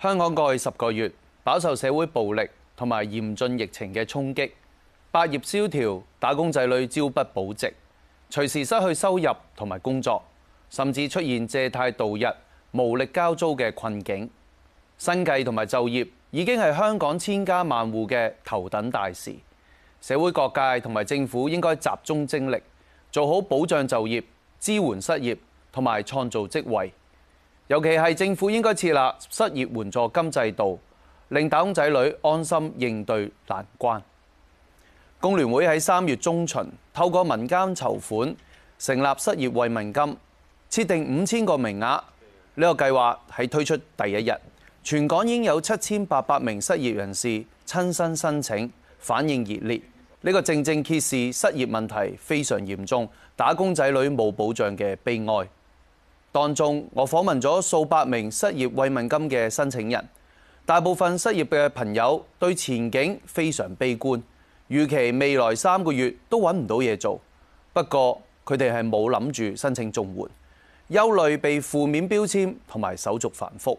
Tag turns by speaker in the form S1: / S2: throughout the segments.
S1: 香港過去十個月，飽受社會暴力同埋嚴峻疫情嘅衝擊，百業蕭條，打工仔女朝不保夕，隨時失去收入同埋工作，甚至出現借貸度日、無力交租嘅困境。生計同埋就業已經係香港千家萬戶嘅頭等大事，社會各界同埋政府應該集中精力，做好保障就業、支援失業同埋創造職位。尤其係政府應該設立失業援助金制度，令打工仔女安心應對難關。工聯會喺三月中旬透過民間籌款成立失業惠民金，設定五千個名額。呢個計劃喺推出第一日，全港已經有七千八百名失業人士親身申請，反應熱烈。呢個正正揭示失業問題非常嚴重，打工仔女冇保障嘅悲哀。當中，我訪問咗數百名失業慰問金嘅申請人，大部分失業嘅朋友對前景非常悲觀，預期未來三個月都揾唔到嘢做。不過佢哋係冇諗住申請綜援，憂慮被負面標籤同埋手續繁複。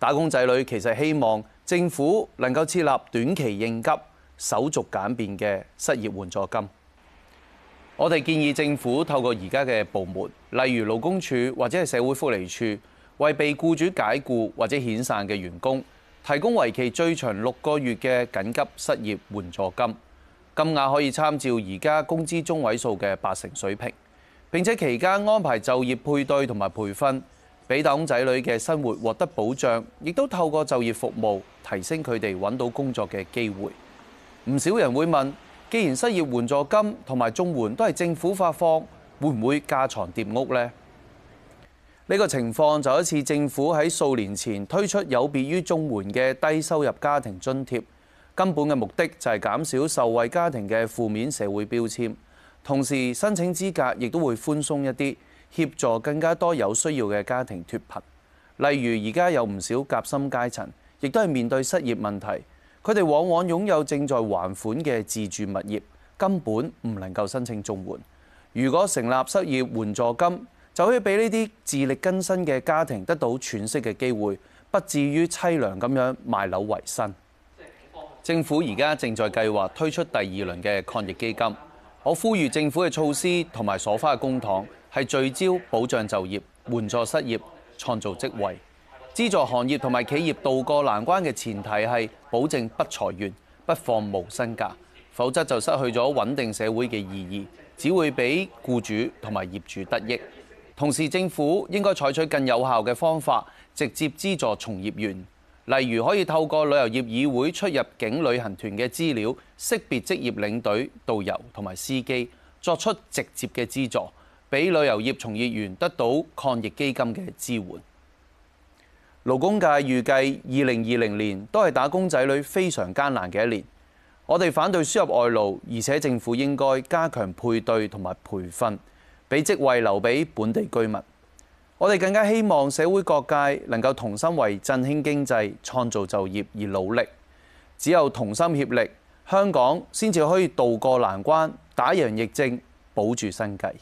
S1: 打工仔女其實希望政府能夠設立短期應急、手續簡便嘅失業援助金。我哋建議政府透過而家嘅部門，例如勞工處或者係社會福利處，為被僱主解雇或者遣散嘅員工提供為期最長六個月嘅緊急失業援助金，金額可以參照而家工資中位數嘅八成水平。並且期間安排就業配對同埋培訓，俾打工仔女嘅生活獲得保障，亦都透過就業服務提升佢哋揾到工作嘅機會。唔少人會問。既然失業援助金同埋綜援都係政府發放，會唔會架床疊屋呢？呢個情況就一次政府喺數年前推出有別於綜援嘅低收入家庭津貼，根本嘅目的就係減少受惠家庭嘅負面社會標籤，同時申請資格亦都會寬鬆一啲，協助更加多有需要嘅家庭脫貧。例如而家有唔少夾心階層，亦都係面對失業問題。佢哋往往擁有正在還款嘅自住物業，根本唔能夠申請綜援。如果成立失業援助金，就可以俾呢啲自力更生嘅家庭得到喘息嘅機會，不至於淒涼咁樣賣樓為生。政府而家正在計劃推出第二輪嘅抗疫基金，我呼籲政府嘅措施同埋所花嘅公帑係聚焦保障就業、援助失業、創造職位。資助行業同埋企業渡過難關嘅前提係保證不裁員、不放無薪假，否則就失去咗穩定社會嘅意義，只會俾僱主同埋業主得益。同時，政府應該採取更有效嘅方法，直接資助從業員，例如可以透過旅遊業議會出入境旅行團嘅資料，識別職業領隊、導遊同埋司機，作出直接嘅資助，俾旅遊業從業員得到抗疫基金嘅支援。勞工界預計二零二零年都係打工仔女非常艱難嘅一年。我哋反對輸入外勞，而且政府應該加強配對同埋培訓，俾職位留俾本地居民。我哋更加希望社會各界能夠同心為振興經濟、創造就業而努力。只有同心協力，香港先至可以渡過難關、打贏疫症、保住生計。